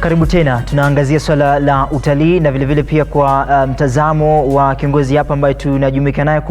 Karibu tena, tunaangazia swala la utalii na vilevile vile pia kwa uh, mtazamo um, wa kiongozi hapa ambaye tunajumuika naye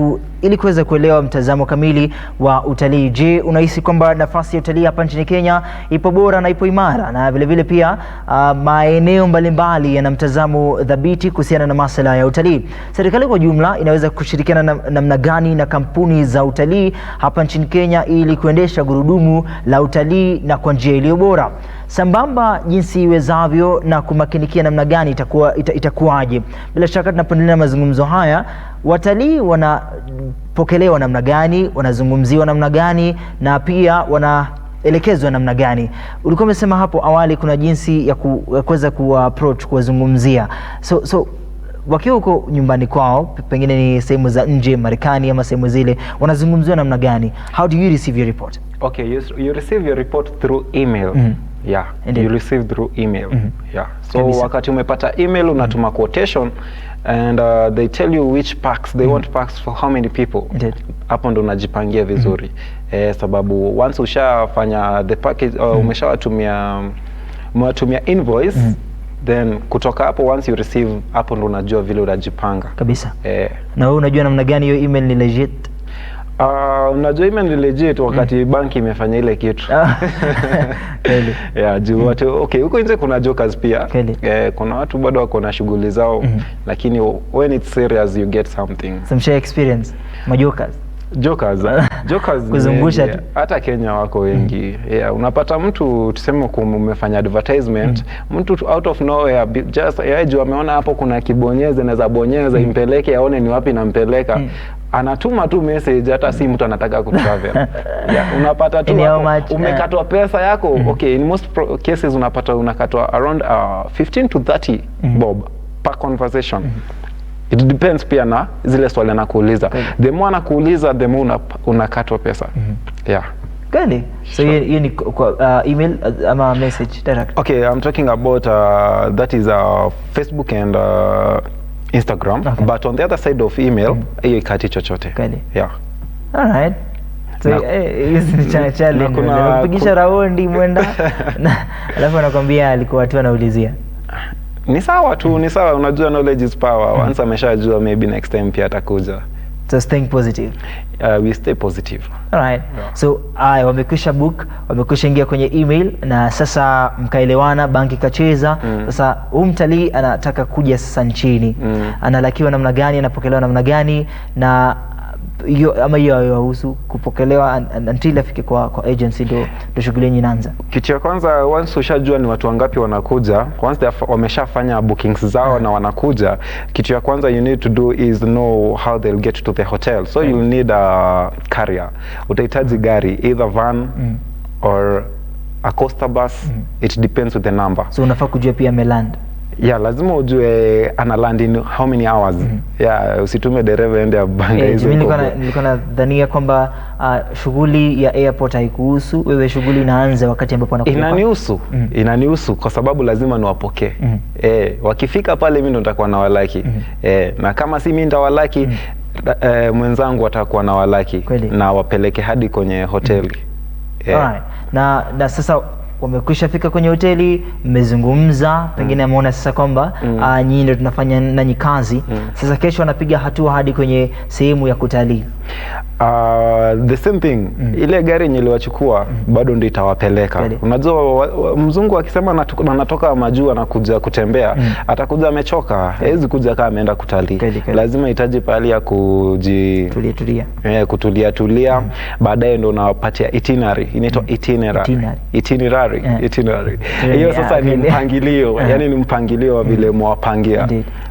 ili kuweza kuelewa mtazamo kamili wa utalii. Je, unahisi kwamba nafasi ya utalii hapa nchini Kenya ipo bora na ipo imara? Na vilevile vile pia uh, maeneo mbalimbali yana mtazamo thabiti kuhusiana na masuala ya utalii. Serikali kwa jumla inaweza kushirikiana namna na gani na kampuni za utalii hapa nchini Kenya ili kuendesha gurudumu la utalii na kwa njia iliyo bora? sambamba jinsi iwezavyo na kumakinikia namna gani itakuwa, itakuwaje. Bila shaka tunapoendelea mazungumzo haya, watalii wanapokelewa namna gani, wanazungumziwa namna gani, na pia wana elekezwa namna gani? Ulikuwa umesema hapo awali kuna jinsi ya kuweza ku approach kuwazungumzia, so, so wakiwa huko nyumbani kwao, pengine ni sehemu za nje Marekani ama sehemu zile, wanazungumziwa namna gani? How do you receive your report? Okay, you, you receive your report through email. Mm -hmm. Yeah, Indeed. you receive through email. Mm -hmm. Yeah. So Kabisa. Wakati umepata email mm-hmm. unatuma mm -hmm. quotation and uh, they tell you which packs they mm -hmm. want packs for how many people. Indeed. Hapo ndo unajipangia mm-hmm. vizuri mm -hmm. eh, sababu once ushafanya the package uh, mm -hmm. umeshawatumia mwatumia invoice mm -hmm then kutoka hapo once you receive hapo ndo unajua vile unajipanga kabisa eh. na wewe unajua namna gani hiyo email ni legit Uh, unajua ime ni legit wakati mm. banki imefanya ile kitu ah. yeah, juu mm. watu mm. okay, huko nje kuna jokers pia eh, kuna watu bado wako na shughuli zao mm. lakini when it's serious you get something some share experience majokers jokers eh? jokers kuzungusha tu hata Kenya wako wengi mm. yeah, unapata mtu tuseme umefanya advertisement mm. mtu out of nowhere just yeye juu ameona hapo kuna kibonyeze naweza bonyeza mm. impeleke aone ni wapi nampeleka mm anatuma tu message hata si mtu anataka kutravel. yeah, unapata tu umekatwa pesa yako mm. Okay, in most pro cases unapata unakatwa around uh, 15 to 30 mm. bob per conversation mm. It depends pia na zile swali anakuuliza. okay. The more anakuuliza the more unakatwa una, pesa. Mm -hmm. Yeah. Kweli? So hiyo sure. ni kwa uh, email uh, ama message direct. Okay, I'm talking about uh, that is uh, Facebook and uh, Instagram okay. but on the other side of email mm. hiyo mm. ikati chochote. Kweli? Yeah. All right. So eh, hizi ni cha challenge. Unapigisha raundi mwenda. Alafu anakuambia alikuwa tu anaulizia ni sawa tu, ni sawa. Unajua, knowledge is power. Hmm. Once ameshajua, maybe next time pia atakuja. Just think positive. Uh, we stay positive. All right. Yeah. So uh, wamekwisha book, wamekwisha ingia kwenye email na sasa mkaelewana, banki kacheza. Mm. Sasa huyu mtalii anataka kuja sasa nchini. Mm. Analakiwa namna gani, anapokelewa namna gani na hiyo ama hiyo hayahusu kupokelewa until afike kwa, kwa agency ndo ndo shughuli yenye inaanza. Kitu cha kwanza once ushajua ni watu wangapi wanakuja, once wameshafanya bookings zao na wanakuja, kitu ya kwanza you need to do is know how they'll get to the hotel so yeah. you'll need a carrier, utahitaji mm. gari either van mm. or a coaster bus mm. it depends with the number, so unafaa kujua pia ameland yeah, lazima ujue ana land in how many hours mm -hmm. yeah, usitume dereva ende abanga eh, hizo. Nilikuwa nadhania kwamba uh, shughuli ya airport haikuhusu wewe, shughuli inaanza wakati ambapo anakuja. Inanihusu mm -hmm. inanihusu kwa sababu lazima niwapokee mm -hmm. eh, wakifika pale mimi ndo nitakuwa walaki mm -hmm. eh, na kama si mimi nitawalaki mm -hmm. eh, mwenzangu atakuwa Kweli. na wapeleke hadi kwenye hoteli mm -hmm. eh. na, na sasa wamekwisha fika kwenye hoteli, mmezungumza, pengine mm. ameona sasa kwamba mm. Ah, nyinyi ndio tunafanya nanyi kazi mm. Sasa kesho anapiga hatua hadi kwenye sehemu ya kutalii. Uh, the same thing mm. Ile gari yenye iliwachukua mm. bado ndio itawapeleka. Unajua mzungu akisema anatoka, majuu anakuja kutembea mm. atakuja amechoka, hawezi kuja kama ameenda kutalii, lazima hitaji pahali ya kuji tulia tulia, yeah, kutulia tulia mm. Baadaye ndio unawapatia itinerary, inaitwa mm. itinerary itinerary itinerary, yeah. itinerary. Yeah, hiyo sasa yeah, ni mpangilio yeah. yani ni mpangilio wa vile mm. mwapangia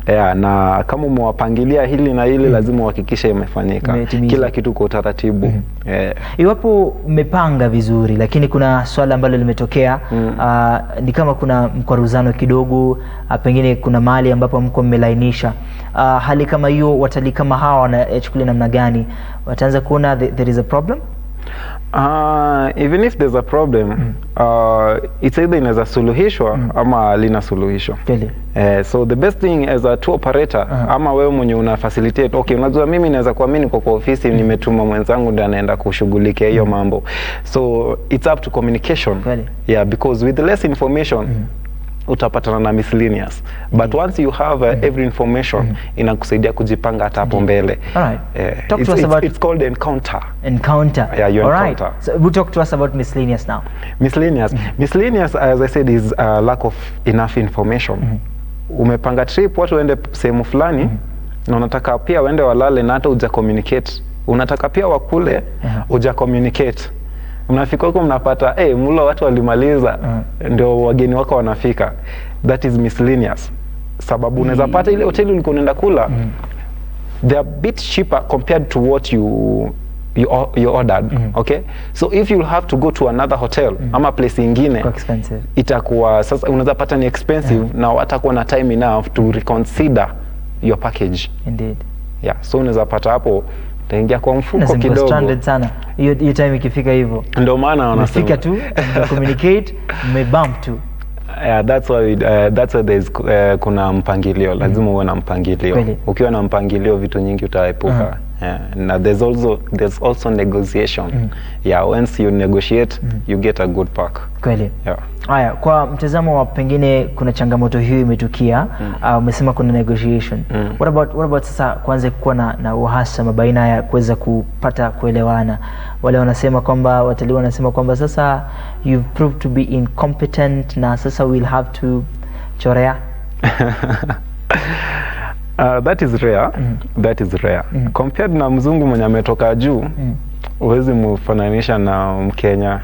yeah, na kama umewapangilia hili na hili mm. lazima uhakikishe imefanyika kila kitu kwa utaratibu mm -hmm. yeah. Iwapo mmepanga vizuri, lakini kuna swala ambalo limetokea mm. uh, ni kama kuna mkwaruzano kidogo uh, pengine kuna mahali ambapo mko mmelainisha uh, hali kama hiyo, watalii kama hawa wanachukulia namna gani? Wataanza kuona there is a problem Uh, even if there's a problem mm. uh, it's either inaweza suluhishwa mm. ama lina suluhisho uh, so the best thing as a tour operator uh -huh. ama wewe mwenye una facilitate okay, unajua mimi naweza kuamini kwa kwa ofisi mm. nimetuma mwenzangu ndiye anaenda kushughulikia hiyo mm. mambo so it's up to communication yeah because with less information mm utapatana na miscellaneous but mm once you have uh, mm every information mm inakusaidia kujipanga hata hapo mm. mbele. alright Uh, eh, talk to us about it's called encounter. Encounter. Yeah, you encounter. All right. So we'll talk to us about miscellaneous now. Miscellaneous. Mm Miscellaneous as I said is a uh, lack of enough information. Mm Umepanga trip watu waende sehemu fulani mm na unataka pia waende walale na hata uja communicate. Unataka pia wakule uh uh-huh. -huh. uja communicate mnafika huko mnapata hey, eh, mlo watu walimaliza mm. ndio wageni wako wanafika. That is miscellaneous sababu mm. pata ile hoteli ulikuwa unaenda kula mm. they are bit cheaper compared to what you you, you ordered mm. okay so if you'll have to go to another hotel mm. ama place ingine itakuwa sasa unaweza pata ni expensive mm. na watakuwa na time enough to reconsider your package indeed yeah so unaweza pata hapo taingia kwa mfuko kidogo sana. Hiyo hiyo time ikifika hivyo, ndio maana wanasema fika tu communicate bump tu Yeah, that's why, uh, that's why there's, uh, kuna mpangilio lazima mm. uwe na mpangilio. Ukiwa na mpangilio vitu nyingi utaepuka. uh -huh. Yeah, na there's also there's also negotiation mm. Yeah, once you negotiate mm. you get a good pack. Kweli. Yeah. Haya, kwa mtazamo wa pengine kuna changamoto hiyo imetukia, mm. Ah, umesema mm. uh, kuna negotiation. Mm. What about what about sasa kuanze kuwa na, na uhasama baina ya kuweza kupata kuelewana. Wale wanasema kwamba watalii wanasema kwamba sasa you've proved to be incompetent na sasa we'll have to chorea Uh, that is rare. Mm. That is rare. Mm. Compared na mzungu mwenye ametoka juu mm. Huwezi mfananisha na Mkenya.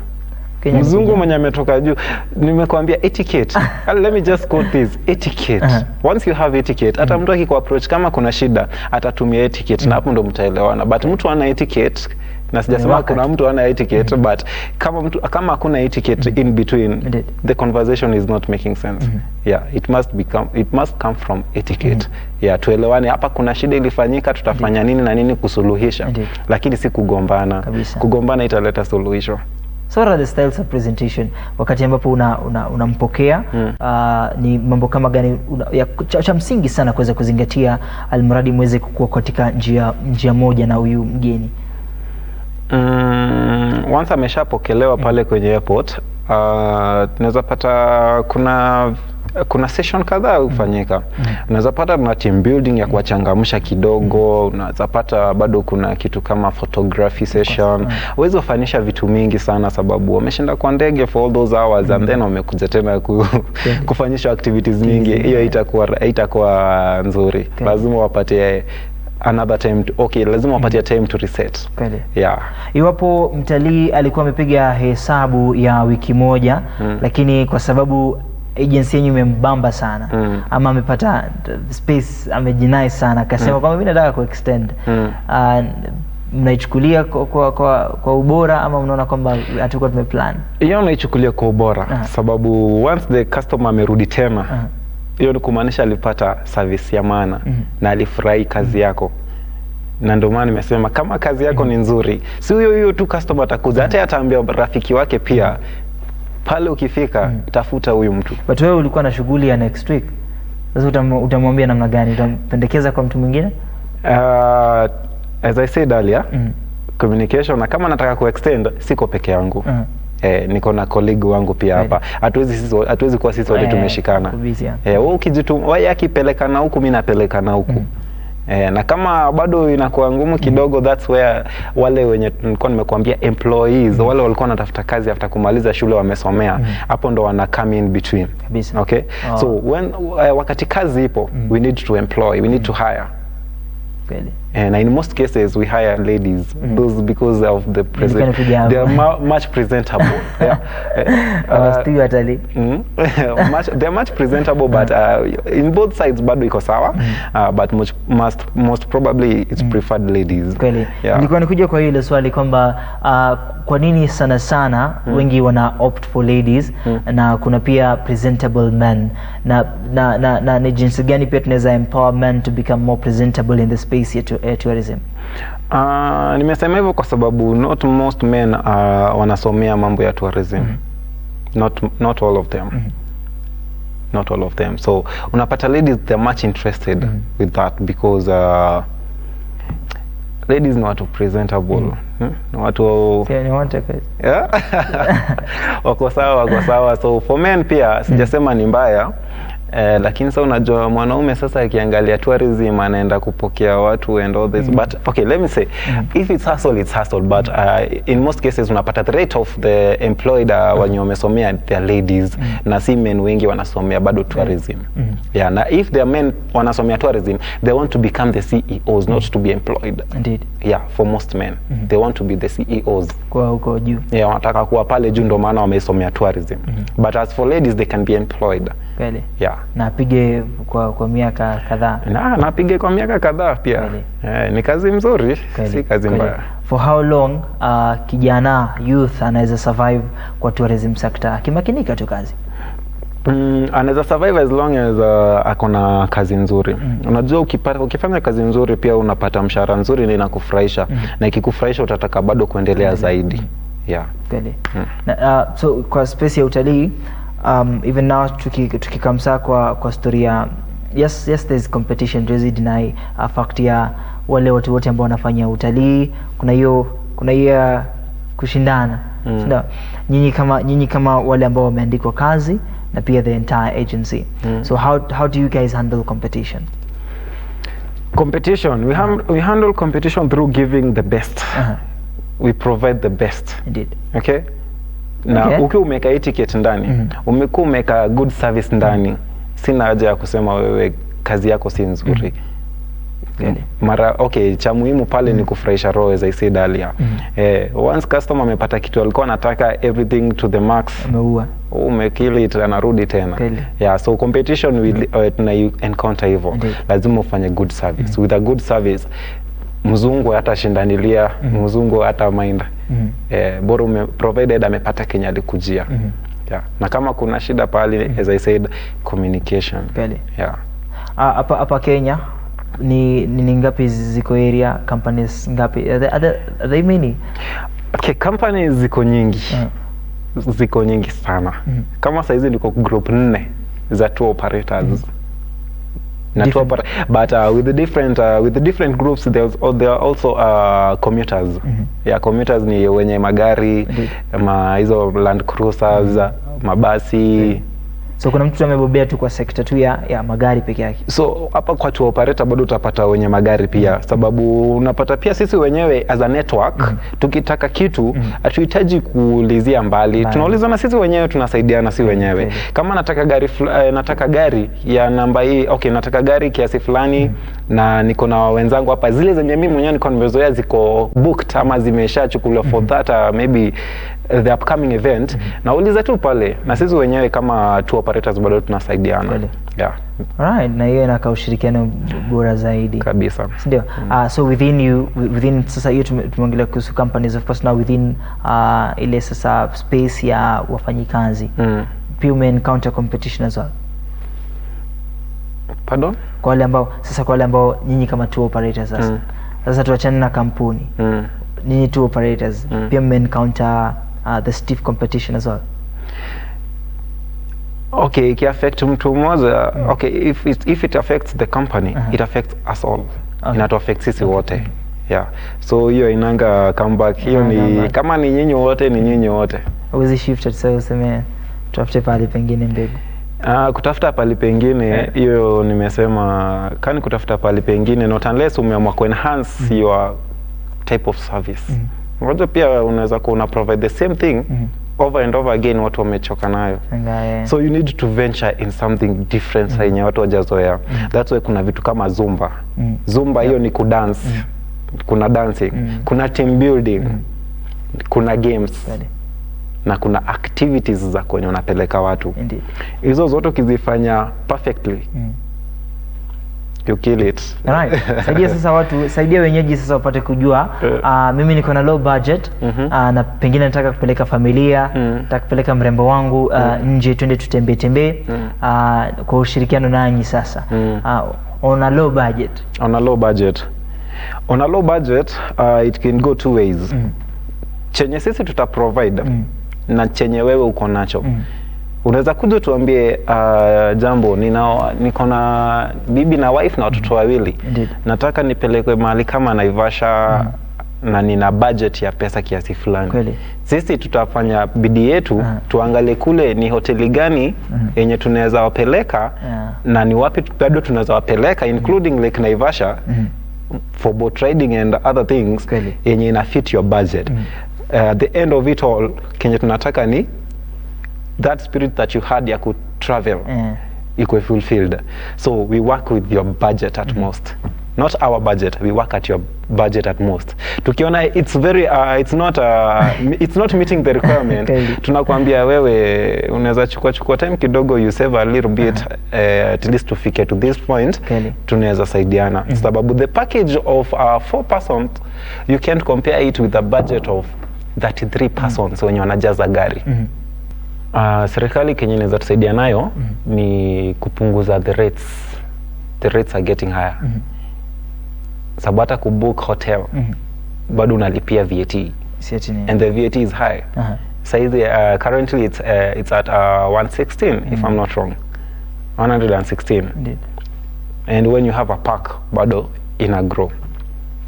Kenya mzungu mwenye ametoka juu, nimekuambia etiquette. Uh, let me just quote this etiquette. Uh -huh. Once you have etiquette, hata mm. mtu akikuapproach kama kuna shida atatumia etiquette mm. na hapo ndo mtaelewana, but mtu ana etiquette na sijasema kuna mtu ana etiquette mm -hmm. but kama mtu kama hakuna etiquette mm -hmm. in between Indeed. the conversation is not making sense mm -hmm. yeah it must become it must come from etiquette mm -hmm. yeah tuelewane, hapa kuna shida ilifanyika, tutafanya Indeed. nini na nini kusuluhisha Indeed. lakini si kugombana Kabisa. kugombana italeta suluhisho So what are the styles of presentation wakati ambapo unampokea una, una mm. Uh, ni mambo kama gani una, ya, cha, cha msingi sana kuweza kuzingatia, almradi mweze kukua katika njia, njia moja na huyu mgeni? Mm, once ameshapokelewa pale kwenye airport uh, tunaweza pata kuna kuna session kadhaa hufanyika. mm -hmm. Unaweza pata na team building ya kuwachangamsha kidogo. Mm-hmm. Unaweza pata bado kuna kitu kama photography session. Mm. Huwezi kufanisha vitu mingi sana, sababu wameshinda kwa ndege for all those hours mm and then mm-hmm. wamekuja tena ku, okay. kufanyisha activities nyingi, hiyo itakuwa itakuwa nzuri okay. lazima wapatie another time to, okay, lazima mm-hmm. wapatia mm -hmm. time to reset. Kweli. Yeah. Iwapo mtalii alikuwa amepiga hesabu ya wiki moja mm. -hmm. lakini kwa sababu agency yenyu imembamba sana mm. -hmm. ama amepata space amejinai sana akasema mm. -hmm. kwamba mimi nataka ku extend mm. -hmm. uh, mnaichukulia kwa, kwa, kwa, kwa ubora ama mnaona kwamba hatakuwa tumeplan? Hiyo naichukulia kwa ubora uh -huh. sababu once the customer amerudi tena uh -huh hiyo ni kumaanisha alipata service ya maana mm -hmm. na alifurahi kazi mhm. yako na ndio maana nimesema kama kazi yako mm -hmm. ni mhm. nzuri, si huyo huyo tu customer atakuza, hata ataambia rafiki wake pia mhm. pale ukifika, mm -hmm. tafuta huyu mtu. But wewe ulikuwa na shughuli ya next week, sasa utamwambia namna gani? Utampendekeza kwa mtu mwingine? Uh, as I said earlier, mm -hmm. communication na kama nataka kuextend, siko peke yangu mm -hmm. Eh, niko na colleague wangu pia eh. hapa, hatuwezi sisi hatuwezi kuwa sisi wote eh, tumeshikana. Eh, wewe ukijitu ukijituma akipelekana huku mi napelekana huku mm. Eh, na kama bado inakuwa ngumu kidogo mm. That's where wale wenye nilikuwa nimekuambia employees mm. Wale walikuwa wanatafuta kazi after kumaliza shule wamesomea mm. hapo mm. Ndo wana come in between kabisa. Okay oh. So when uh, wakati kazi ipo mm. we need to employ we need mm. to hire kweli Okay and in most cases we hire ladies mm. those because of the present they are ma much presentable yeah. Eh, uh, mm. much, are much presentable but mm. uh, in both sides bado iko sawa mm. uh, but much, must, most probably it's mm. preferred ladies kweli yeah. nilikuwa nikuja kwa ile swali kwamba uh, kwa nini sana sana mm. wengi wana opt for ladies mm. na kuna pia presentable men na na, na, na ni jinsi gani pia tunaweza empower men to become more presentable in the space yetu eh, tourism? Uh, nimesema hivyo kwa sababu not most men uh, wanasomea mambo ya tourism. Mm -hmm. Not, not all of them. Mm -hmm. Not all of them. So unapata ladies they're much interested mm -hmm. with that because uh, ladies ni watu presentable. Mm -hmm. ni Watu yeah? wako sawa, wako sawa. So for men pia sijasema ni mbaya Eh, lakini sasa unajua mwanaume sasa akiangalia tourism anaenda kupokea watu and all this mm. but okay let me say mm. if it's hustle it's hustle but uh, in most cases unapata the rate of the employed uh, mm. wenye wamesomea their ladies mm. na si men wengi wanasomea bado tourism mm. yeah na if their men wanasomea tourism they want to become the CEOs not to be employed indeed yeah for most men mm. they want to be the CEOs kwa huko juu yeah wanataka kuwa pale juu ndio maana wamesomea tourism mm. but as for ladies they can be employed kweli yeah na apige kwa, kwa miaka kadhaa na napige kwa miaka kadhaa pia eh, ni kazi mzuri Kweli. si kazi mbaya for how long uh, kijana youth anaweza survive kwa tourism sector akimakinika tu kazi Mm, anaweza survive as long as uh, ako na kazi nzuri mm. Unajua ukipata, ukifanya kazi nzuri pia unapata mshahara nzuri na inakufurahisha mm. Na ikikufurahisha utataka bado kuendelea mm. zaidi yeah. Kweli. Mm. Na, uh, so kwa space ya utalii um, even now tukikamsaa tuki kwa, kwa stori ya yes, yes there is competition, tuwezi deny a uh, fact ya wale watu wote ambao wanafanya utalii, kuna hiyo kuna hiyo kushindana mm. Sinda? Nyinyi kama nyinyi kama wale ambao wameandikwa kazi na pia the entire agency mm. So how, how do you guys handle competition? Competition we, ham we handle competition through giving the best uh -huh. We provide the best. Indeed. Okay? na okay. Ukiwa umeweka etiquette ndani mm -hmm. Umekuwa umeweka good service ndani mm -hmm. Sina haja ya kusema wewe kazi yako si nzuri mm -hmm. Mm. Mara okay, cha muhimu pale mm. ni mm-hmm. kufurahisha roho as I said earlier mm. Eh, once customer amepata kitu alikuwa anataka everything to the max, umeua umekili it, anarudi tena Keli. Yeah, so competition mm. mm. uh, tuna encounter hivyo, lazima ufanye good service mm. with a good service mzungu hatashindanilia mm. mzungu hata mainda mm. eh, bora ume, provided amepata kenya alikujia mm. yeah. na kama kuna shida pale mm. as I said communication Pele. yeah apa, apa Kenya ni, ni, ni ngapi ziko area companies ngapi are they, are they are they many okay companies ziko nyingi mm. ziko nyingi sana mm. kama saizi niko group nne za tour operators mm but uh, with the different uh, with the different groups there's there are also uh, commuters mm -hmm. yeah, commuters ni wenye magari mm -hmm. ma hizo land cruisers mm -hmm. mabasi mm -hmm. So kuna mtu amebobea tu kwa sekta tu ya, ya magari peke yake. So hapa kwa tu operator bado utapata wenye magari pia, mm. sababu unapata pia sisi wenyewe as a network mm -hmm. tukitaka kitu mm-hmm. hatuhitaji mm -hmm. kuulizia mbali, tunauliza na sisi wenyewe, tunasaidiana si wenyewe okay. Mm-hmm. Kama nataka gari uh, nataka gari ya namba hii okay, nataka gari kiasi fulani mm -hmm. na niko na wenzangu hapa, zile zenye mimi mwenyewe niko nimezoea ziko booked ama zimeshachukuliwa for mm -hmm. that uh, maybe Uh, the upcoming event mm -hmm. Nauliza tu pale na sisi wenyewe kama tour operators bado tunasaidiana yeah. right. na hiyo inakaa ushirikiano bora zaidi kabisa, ndio? mm. -hmm. Uh, so within you within sasa, hiyo tumeongelea kuhusu companies of course, now within uh, ile sasa space ya wafanyikazi mm. pia umeencounter competition as well Pardon? Kwa wale ambao sasa, kwa wale ambao nyinyi kama tour operators sasa mm. sasa tuachane na kampuni mm. nyinyi tour operators mm. pia mmeencounter uh, the stiff competition as well? Okay, it affect mtu mmoja. Mm. Okay, if it, if it affects the company, uh -huh. it affects us all. Okay. Inatu affect sisi okay. wote. Yeah. So hiyo inanga comeback. Hiyo ni kama ni nyinyi wote ni nyinyi wote. Uwezi shift at sasa useme tutafute pale pengine mbegu. Ah, kutafuta pali pengine eh. hiyo yeah. Nimesema kani kutafuta pali pengine not unless umeamua kuenhance mm. -hmm. your type of service mm. -hmm. Unajua pia unaweza kuwa una provide the same thing mm -hmm. over and over again, watu wamechoka nayo yeah. So you need to venture in something different mm -hmm. yenye mhm. watu wajazoea mm -hmm. That's why kuna vitu kama zumba mm -hmm. zumba hiyo yeah. ni kudance mm -hmm. kuna dancing mm -hmm. kuna team building mm -hmm. kuna games Ready na kuna activities za kwenye unapeleka watu hizo zote ukizifanya perfectly mm. -hmm. You kill it. Right. Saidia sasa watu, saidia wenyeji sasa wapate kujua uh, mimi niko na low budget mm -hmm. uh, na pengine nataka kupeleka familia mm -hmm. nataka kupeleka mrembo wangu uh, mm nje twende tutembee tembee mm uh, kwa ushirikiano nanyi sasa mm uh, on a low budget. On a low budget. On a low budget uh, it can go two ways. Mm Chenye sisi tuta provide mm na chenye wewe uko nacho mm unaweza kuja tuambie, uh, jambo nina niko na bibi na wife na watoto wawili, nataka nipelekwe mahali kama Naivasha mm na nina budget ya pesa kiasi fulani. Kweli. Sisi tutafanya bidii yetu uh, tuangalie kule ni hoteli gani mm. yenye uh -huh. tunaweza wapeleka yeah. na ni wapi bado tunaweza wapeleka including uh Lake Naivasha uh for boat riding and other things yenye ina fit your budget. Uh Uh, the end of it all kenye tunataka ni that spirit that you had ya travel mm. ikuwe fulfilled so we work with your budget at mm. most not our budget we work at your budget at most tukiona it's very uh, it's not uh, it's not meeting the requirement tunakwambia wewe unaweza chukua chukua time kidogo you save a little bit uh -huh. uh, at least tufike to this point tunaweza saidiana mm -hmm. sababu the package of uh, four persons you can't compare it with a budget of 33 persons mm -hmm. wenye wanajaza gari mm -hmm. Uh, serikali kenye inaweza tusaidia nayo mm -hmm. ni kupunguza the rates. The rates are getting higher mm -hmm. sababu hata kubook hotel mm -hmm. bado unalipia VAT and the VAT is high uh -huh. Saizi uh, currently it's, uh, it's at uh, 116 mm -hmm. if I'm mhm. not wrong 116 Indeed. and when you have a park bado ina grow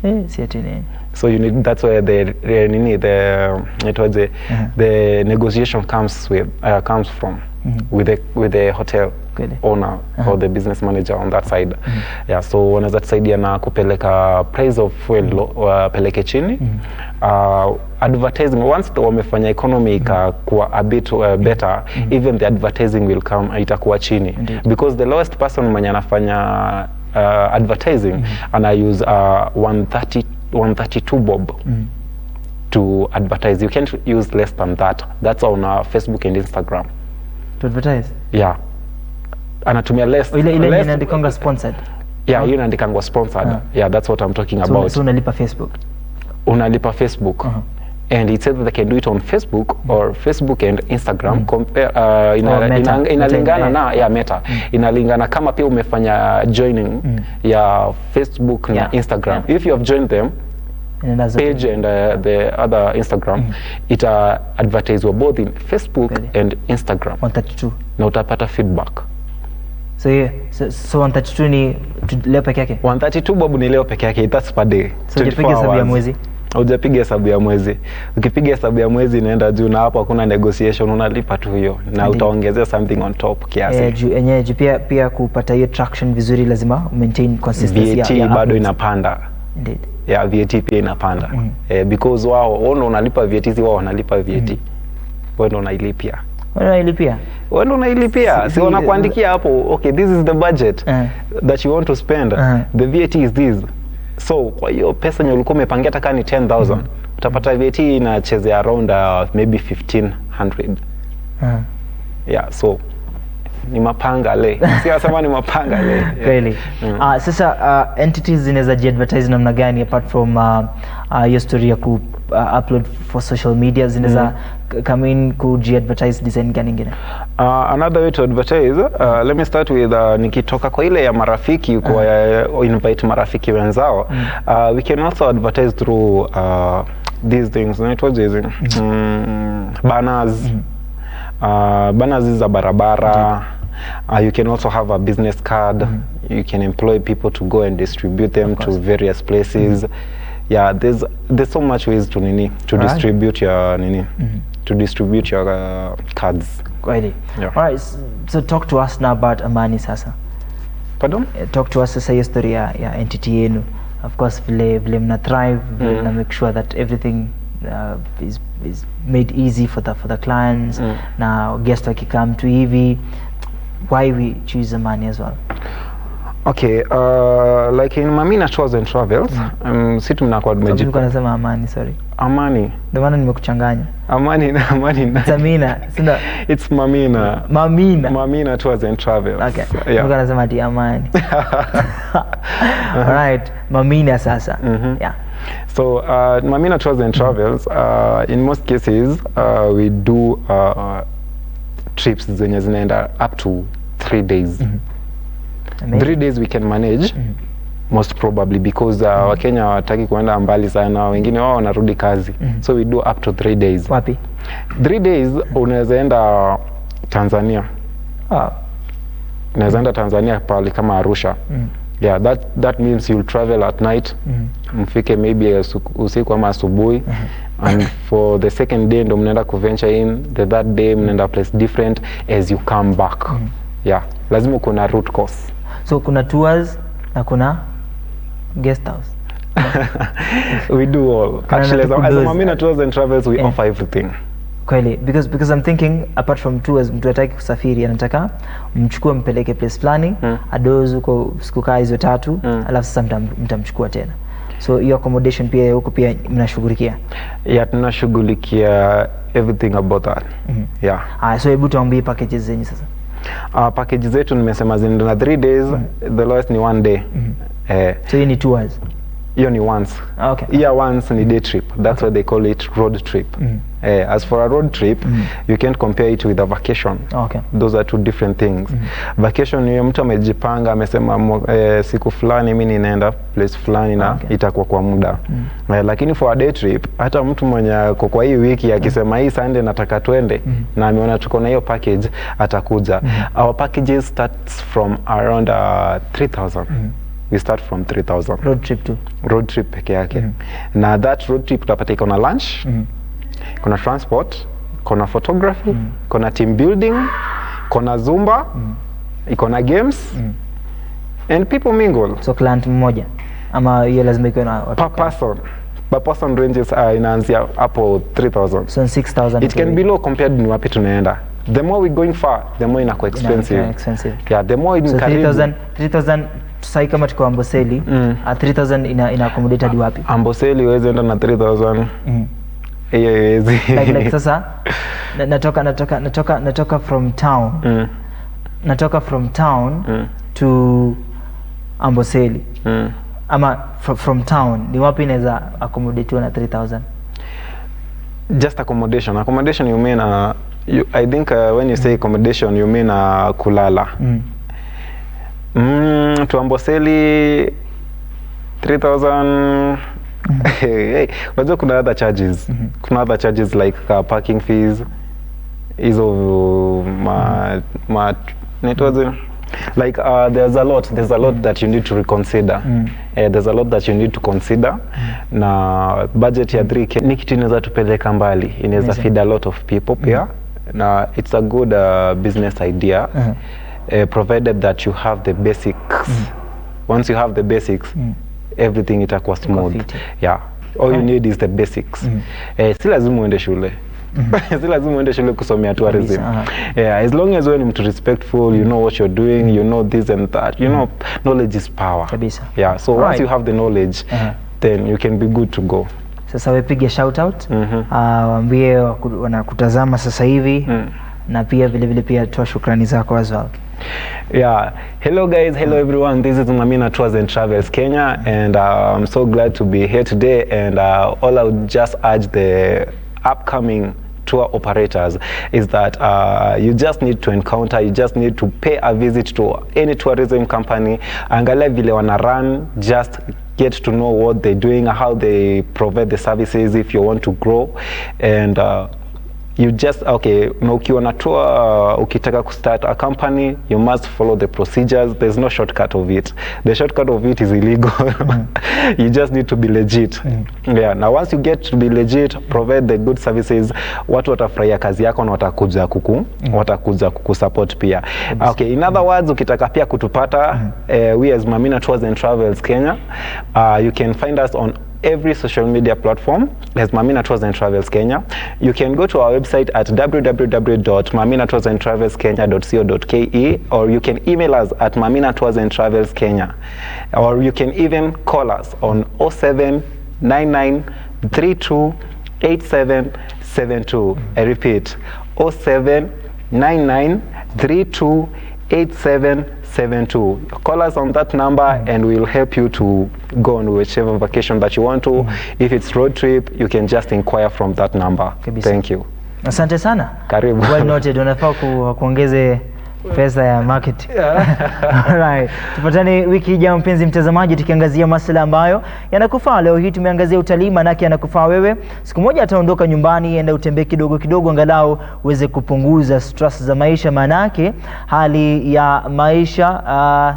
Eh, mm -hmm so you need that's where the the nini the um, it was the uh-huh. the negotiation comes with uh, comes from mm-hmm. with the with the hotel Kwele. owner uh-huh. or the business manager on that side mm-hmm. yeah so that side yana kupeleka price of fuel wapeleke mm-hmm. uh, chini mm-hmm. uh, advertising once the wamefanya economy mm-hmm. ikakuwa a bit uh, better mm-hmm. even the advertising will come itakuwa chini Indeed. because the lowest person mwenye anafanya uh, advertising mm-hmm. and i use uh, 130 132 bob mm. to advertise you can't use less than that that's on uh, facebook and instagram to advertise yeah anatumia less oh, ile ile inaandikanga sponsored yeah oh. hiyo inaandikangwa sponsored yeah. yeah that's what i'm talking so, about so unalipa facebook unalipa facebook uh -huh and it said that they can do it on Facebook mm. or Facebook and Instagram mm. compare eh, uh, ina, oh, meta. ina, inalingana na ya meta mm. inalingana kama pia umefanya joining mm. ya Facebook yeah. na Instagram yeah. if you have joined them mm page and uh, the other Instagram mm -hmm. ita advertise both in Facebook Pede. and Instagram 132 na utapata feedback so yeah so, so 132 ni leo peke yake 132 babu ni leo peke yake that's per day so jipiga hesabu ya mwezi ujapiga hesabu ya mwezi. Ukipiga hesabu ya mwezi inaenda juu, na hapo hakuna negotiation, unalipa tu hiyo na utaongezea something on top kiasi eh, juu enyewe. Pia pia kupata hiyo traction vizuri, lazima maintain consistency. ya, ya bado inapanda Indeed. Yeah, VAT pia inapanda mm. Eh, because wao wao wanalipa VAT, si wao wanalipa VAT mm. Wewe ndo Wao wewe wanailipia. Wao ndo wanailipia. si wanakuandikia hapo, okay this is the budget uh that you want to spend uh eh. -huh. the VAT is this so kwa hiyo pesa nyo ulikuwa umepangia hata kani ni 10000 mm. utapata VAT inachezea around uh, maybe 1500 uh -huh. yeah so ni mapanga le siasema ni mapanga le kweli yeah. mm. uh, sasa uh, entities zinaweza jiadvertise namna gani apart from hiyo uh, uh, story ya ku uh, upload for social media zinaweza mm -hmm. come in kujiadvertise design gani ingine uh, another way to advertise uh, mm. let me start with uh, nikitoka kwa ile ya marafiki kwa uh -huh. uh, invite marafiki wenzao mm. uh, we can also advertise through uh, these things naitwa jezi mm. mm, banners mm. uh, banners za barabara mm Uh, you can also have a business card. Mm -hmm. You can employ people to go and distribute them to various places. Mm -hmm. Yeah, there's there's so much ways to nini to right. distribute your nini mm -hmm. to distribute your uh, cards. Kweli. Yeah. All right. So talk to us now about Amani sasa. Pardon? Uh, talk to us sasa a story ya, ya entity yenu. Of course vile vile mna thrive, mm -hmm. mna make sure that everything uh, is, is made easy for the, for the clients mm. na guest wakikam to hivi why we choose the money as well okay uh, like in mamina tours and travels mm. um, si tunasema amani sorry amani ndio maana nimekuchanganya amani amani na samina sina it's mamina mamina mamina tours and travels okay yeah. nasema ati amani all right mamina sasa mm -hmm. yeah So uh, Mamina Tours and Travels, mm -hmm. uh, in most cases uh, we do uh, uh trips zenye zinaenda up to three days mm -hmm. three days we can manage mm -hmm. most probably because uh, mm -hmm. Wakenya hawataki kuenda mbali sana, wengine wao wanarudi kazi mm -hmm. so we do up to three days. Wapi? three days mm -hmm. unaweza enda Tanzania ah. unaweza Tanzania pali kama Arusha mm -hmm. Yeah, that, that means you'll travel at night mm -hmm. mfike maybe usiku ama asubuhi mm -hmm. and for the second day ndo mnaenda kuventure in the third day mnaenda place different as you come back mm -hmm yeah, lazima kuna root cause. So kuna tours na kuna guest house we do all actually as, a Mamina tours and travels we yeah. offer everything kweli because, because I'm thinking apart from tours, mtu hataki kusafiri, anataka mchukue mpeleke place fulani mm. adoze huko siku kaa hizo tatu mm. alafu sasa mtamchukua tena so your accommodation pia huko pia mnashughulikia? Yeah, tunashughulikia everything about that mm -hmm. yeah. Ah, so hebu tuambie packages zenyu sasa. Uh, package zetu nimesema zina 3 days mm. the lowest ni 1 day mm -hmm. eh, so hii ni two hours hiyo ni once. Ah, okay. Year once ni day trip. That's okay. why they call it road trip. Mm. Uh, as for a road trip, mm. you can't compare it with a vacation. Ah, okay. Those are two different things. Mm. Vacation ni mtu amejipanga amesema uh, siku fulani mimi ninaenda place fulani na ah, okay. itakuwa kwa muda. Mm. Uh, lakini for a day trip hata mtu mwenye ako kwa hii wiki akisema hii Sunday nataka twende mm. na ameona tuko na hiyo package atakuja. Mm. Our packages starts from around uh, 3000. Mm we start from 3000 road trip to road trip peke yake mm -hmm. na that road trip utapata iko na lunch mm -hmm. kuna transport kuna photography mm -hmm. kuna team building kuna zumba mm -hmm. iko na games mm -hmm. and people mingle so client mmoja ama hiyo lazima iko na per person per person ranges are uh, inaanzia hapo 3000 so 6000 it can be low compared ni wapi tunaenda the more we going far the more inakuwa expensive. Yeah, expensive yeah the more in so 3000 3000 sai kama tuko Amboseli mm. a 3000 ina, ina accommodate hadi wapi? Amboseli uweze enda na 3000 mm. hiyo iwezi like, like sasa natoka natoka natoka natoka from town mm. natoka from town mm. to Amboseli mm. ama fr from town ni wapi inaweza accommodate na 3000? Just accommodation accommodation you mean uh, you, I think uh, when you say accommodation you mean uh, kulala mm. Mm, tuamboseli 3000 Mm mm-hmm. unajua kuna other charges mm -hmm. Kuna other charges like ka uh, parking fees hizo ma, mm-hmm. ma nitwaze uh, like uh, there's a lot there's a lot mm-hmm. that you need to reconsider mm. Uh, there's a lot that you need to consider mm. Na budget ya 3k ni kitu inaweza tupeleka mbali, inaweza feed a lot of people pia mm. Na it's a good uh, business idea mm -hmm uh, provided that you have the basics mm. once you have the basics mm. everything itakuwa smooth yeah all okay. you need is the basics mm. uh, si lazima uende shule Mm -hmm. si lazima uende shule kusomea tourism. Yeah, as long as wewe ni mtu respectful, mm -hmm. you know what you're doing, you know this and that. You mm -hmm. know knowledge is power. Kabisa. Yeah, so right. once you have the knowledge, uh -huh. then you can be good to go. Sasa wepige shout out. Mm -hmm. Uh, waambie wanakutazama sasa hivi mm. na pia vile vile pia toa shukrani zako as well. Yeah. Hello guys, hello everyone. This is Mamina Tours and Travels Kenya and uh, I'm so glad to be here today and uh, all I would just urge the upcoming tour operators is that uh, you just need to encounter, you just need to pay a visit to any tourism company, angalia vile wana run, just get to know what they're doing, how they provide the services if you want to grow and uh, you just okay na ukiwa tour uh, ukitaka ku start a company you must follow the procedures there's no shortcut of it the shortcut of it is illegal mm. you just need to be legit mm. yeah now once you get to be legit provide the good services watu watafurahia kazi yako na watakuja kuku mm. watakuja kuku support pia yes. okay in other mm words ukitaka pia kutupata mm. uh, we as Mamina Tours and Travels Kenya uh, you can find us on every social media platform as Mamina Tours and Travels Kenya. You can go to our website at www.maminatoursandtravelsKenya.co.ke or you can email us at mamina travels kenya or you can even call us on 0799328772. I repeat, 0799328772. 72. Call us on that number mm. and we'll help you to go on whichever vacation that you want to. Mm. If it's road trip, you can just inquire from that number. Kabisa. Thank you. Asante sana. Karibu. Well noted. Unafaa kuongeze pesa ya market. Alright. Tupatane wiki ijayo mpenzi mtazamaji, tukiangazia masuala ambayo yanakufaa. Leo hii tumeangazia utalii, maanake yanakufaa wewe. Siku moja ataondoka nyumbani, enda utembee kidogo kidogo, angalau uweze kupunguza stress za maisha, maanake hali ya maisha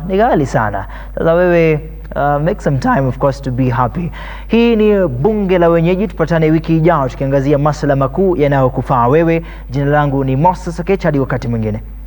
uh, ni ghali sana. Sasa wewe Uh, make some time of course to be happy. Hii ni bunge la wenyeji, tupatane wiki ijayo tukiangazia masuala makuu yanayokufaa wewe. Jina langu ni Moses Okech, hadi wakati mwingine.